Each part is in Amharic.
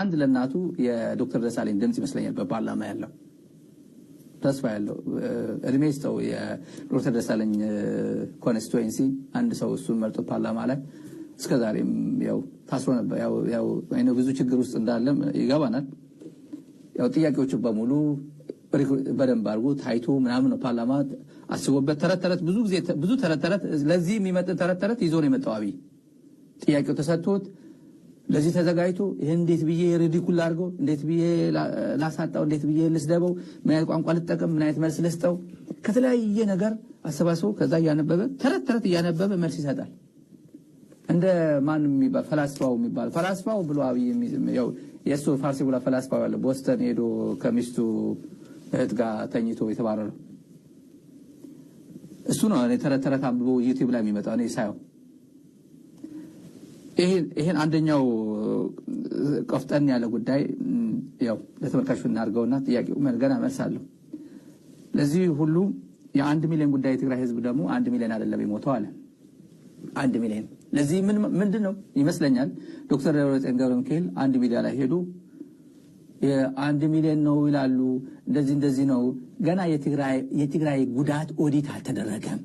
አንድ ለእናቱ የዶክተር ደሳለኝ ድምፅ ይመስለኛል በፓርላማ ያለው ተስፋ ያለው እድሜ ስተው የዶክተር ደሳለኝ ኮንስቲትዌንሲ አንድ ሰው እሱን መርጦ ፓርላማ ላይ እስከዛሬም ያው ታስሮ ነበር። ያው ብዙ ችግር ውስጥ እንዳለም ይገባናል። ያው ጥያቄዎቹ በሙሉ በደንብ አድርጎ ታይቶ ምናምን ነው ፓርላማ አስቦበት ተረት ተረት ብዙ ጊዜ ብዙ ተረት ተረት ለዚህ የሚመጥን ተረት ተረት ይዞ ነው የመጣው አብይ ጥያቄው ተሰጥቶት ለዚህ ተዘጋጅቶ ይህን እንዴት ብዬ ሪዲኩል አድርገው፣ እንዴት ብዬ ላሳጣው፣ እንዴት ብዬ ልስደበው፣ ምን አይነት ቋንቋ ልጠቀም፣ ምን አይነት መልስ ልስጠው፣ ከተለያየ ነገር አሰባስቦ ከዛ እያነበበ ተረት ተረት እያነበበ መልስ ይሰጣል። እንደ ማን የሚባል ፈላስፋው የሚባል ፈላስፋው ብሎ አብይ የእሱ ፋርሲ ብላ ፈላስፋው ያለ ቦስተን ሄዶ ከሚስቱ እህት ጋር ተኝቶ የተባረረው እሱ ነው። ተረት ተረት አንብቦ ዩቲብ ላይ የሚመጣ እኔ ሳየው ይሄን አንደኛው ቆፍጠን ያለ ጉዳይ ያው ለተመልካቹ እናድርገውና ጥያቄው ገና እመልሳለሁ። ለዚህ ሁሉ የአንድ ሚሊዮን ጉዳይ የትግራይ ህዝብ ደግሞ አንድ ሚሊዮን አይደለም የሞተው አለ አንድ ሚሊዮን። ለዚህ ምንድን ነው ይመስለኛል ዶክተር ደብረጽዮን ገብረ ሚካኤል አንድ ሚዲያ ላይ ሄዱ አንድ ሚሊዮን ነው ይላሉ። እንደዚህ እንደዚህ ነው ገና የትግራይ ጉዳት ኦዲት አልተደረገም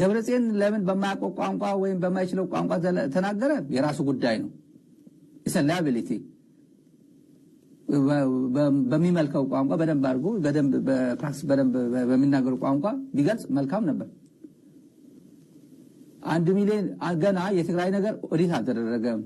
ደብረጽዮን ለምን በማያውቀው ቋንቋ ወይም በማይችለው ቋንቋ ተናገረ የራሱ ጉዳይ ነው። ላያቢሊቲ በሚመልከው ቋንቋ በደንብ አድርጎ በፕራክቲስ በደንብ በሚናገሩ ቋንቋ ቢገልጽ መልካም ነበር። አንድ ሚሊዮን ገና የትግራይ ነገር ኦዲት አልተደረገም።